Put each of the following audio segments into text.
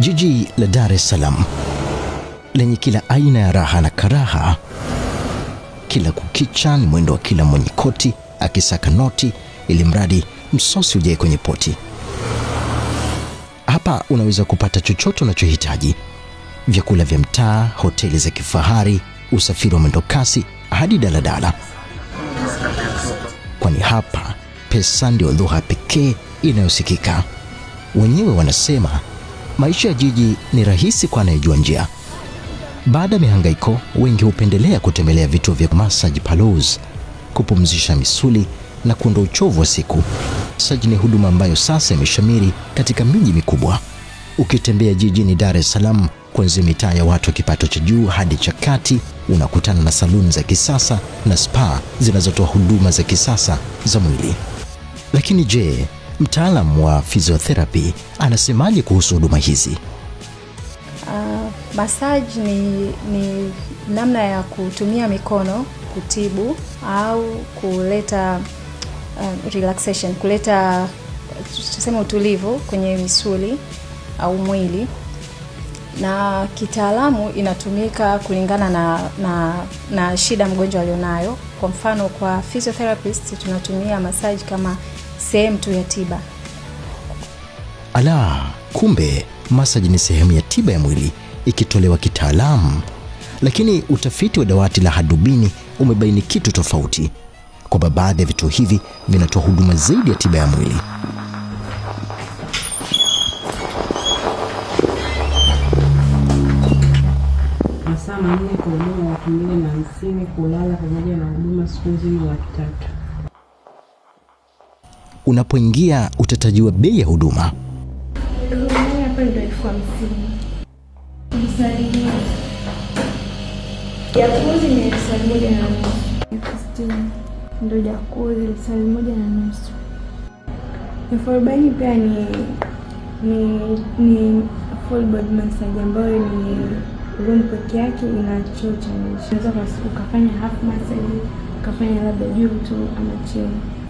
Jiji la Dar es Salaam lenye kila aina ya raha na karaha. Kila kukicha ni mwendo wa kila mwenye koti akisaka noti, ili mradi msosi ujae kwenye poti. Hapa unaweza kupata chochote unachohitaji: vyakula vya mtaa, hoteli za kifahari, usafiri wa mwendo kasi hadi daladala, kwani hapa pesa ndio lugha pekee inayosikika. Wenyewe wanasema Maisha ya jiji ni rahisi kwa anayejua njia. Baada ya mihangaiko, wengi hupendelea kutembelea vituo vya massage parlors kupumzisha misuli na kuondoa uchovu wa siku. Massage ni huduma ambayo sasa imeshamiri katika miji mikubwa. Ukitembea jijini Dar es Salaam, kuanzia mitaa ya watu wa kipato cha juu hadi cha kati, unakutana na saluni za kisasa na spa zinazotoa huduma za kisasa za mwili. Lakini je, mtaalam wa physiotherapy anasemaje kuhusu huduma hizi? Uh, ah, masaji ni, ni namna ya kutumia mikono kutibu au kuleta uh, relaxation, kuleta tuseme utulivu kwenye misuli au mwili, na kitaalamu inatumika kulingana na, na, na shida mgonjwa alionayo. Kwa mfano kwa physiotherapist tunatumia masaji kama sehemu tu ya tiba. Ala, kumbe masaji ni sehemu ya tiba ya mwili ikitolewa kitaalamu. Lakini utafiti wa dawati la hadubini umebaini kitu tofauti, kwamba baadhi ya vituo hivi vinatoa huduma zaidi ya tiba ya mwili. Masaa manne kwa huduma watu mbili na hamsini kulala pamoja na huduma siku nzima laki tatu unapoingia utatajua bei ya huduma. Ndo jakuzi lisali moja na nusu. Elfu arobaini pia ni ni ni full body massage ambayo ni room peke yake, ina choo cha nje. Unaweza ukafanya half massage, ukafanya labda juu tu ama chini.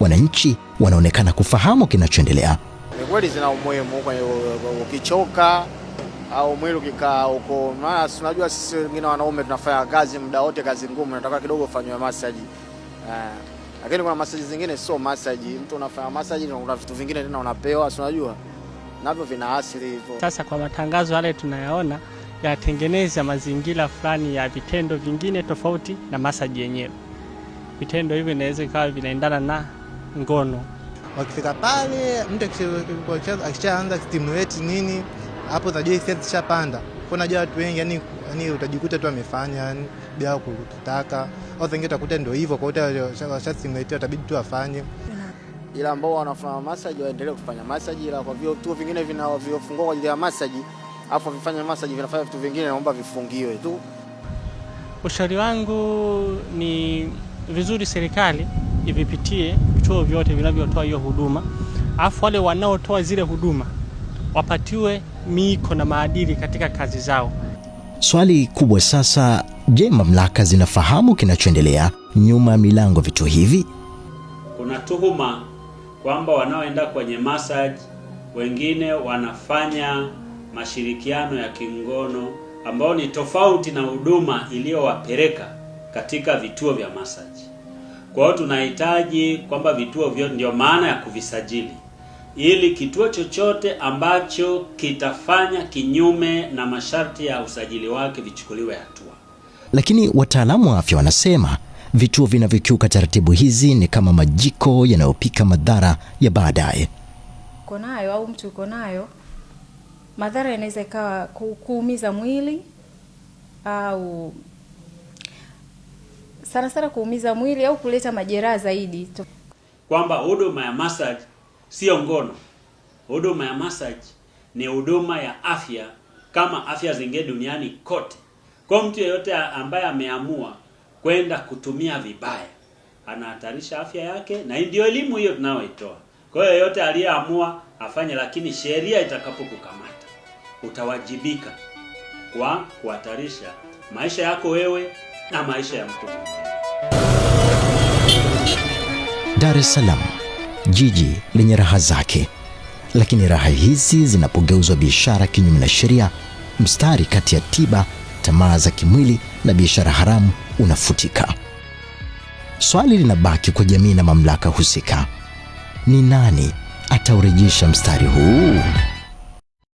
wananchi wanaonekana kufahamu kinachoendelea. Ni kweli zina umuhimu, ukichoka au mwili ukikaa huko, maana sisi wengine wanaume tunafanya kazi muda wote, kazi ngumu, nataka kidogo ufanywe masaji uh, ah, lakini kuna masaji zingine sio masaji, mtu unafanya masaji na kuna vitu vingine tena unapewa, tunajua navyo vina athari hivyo. Sasa kwa matangazo yale tunayaona yatengeneza mazingira fulani ya vitendo vingine tofauti na masaji yenyewe. Vitendo hivyo inaweza ikawa vinaendana na ngono. Wakifika pale mtu akishaanza stimulate nini hapo, unajua hisia zishapanda. Kuna watu wengi yani, yani utajikuta tu amefanya yani bila kutaka, au zingine utakuta ndio hivyo, kwa hiyo washastimulate utabidi tu afanye ila ambao wanafanya massage waendelee kufanya massage, ila kwa vile vituo vingine vinavyofungua kwa ajili ya massage, afu vifanye massage, vinafanya vitu vingine, naomba vifungiwe tu. Ushauri wangu ni vizuri serikali vipitie vituo vyote vinavyotoa hiyo huduma, afu wale wanaotoa zile huduma wapatiwe miiko na maadili katika kazi zao. Swali kubwa sasa, je, mamlaka zinafahamu kinachoendelea nyuma ya milango vituo hivi? Kuna tuhuma kwamba wanaoenda kwenye massage wengine wanafanya mashirikiano ya kingono ambayo ni tofauti na huduma iliyowapeleka katika vituo vya massage. Kwa hiyo tunahitaji kwamba vituo vyote, ndio maana ya kuvisajili, ili kituo chochote ambacho kitafanya kinyume na masharti ya usajili wake vichukuliwe hatua. Lakini wataalamu wa afya wanasema vituo vinavyokiuka taratibu hizi ni kama majiko yanayopika madhara ya baadaye. Uko nayo au mtu uko nayo, madhara yanaweza ikawa kuumiza mwili au sana sana kuumiza mwili au kuleta majeraha zaidi, kwamba huduma ya massage sio ngono. Huduma ya massage ni huduma ya afya kama afya zingine duniani kote. Kwa mtu yeyote ambaye ameamua kwenda kutumia vibaya, anahatarisha afya yake, na ndio elimu hiyo tunayoitoa. Kwa hiyo yeyote aliyeamua afanye, lakini sheria itakapokukamata utawajibika kwa kuhatarisha maisha yako wewe na maisha ya mtu. Dar es Salaam, jiji lenye raha zake, lakini raha hizi zinapogeuzwa biashara kinyume na sheria, mstari kati ya tiba, tamaa za kimwili na biashara haramu unafutika. Swali linabaki kwa jamii na mamlaka husika: ni nani ataurejesha mstari huu?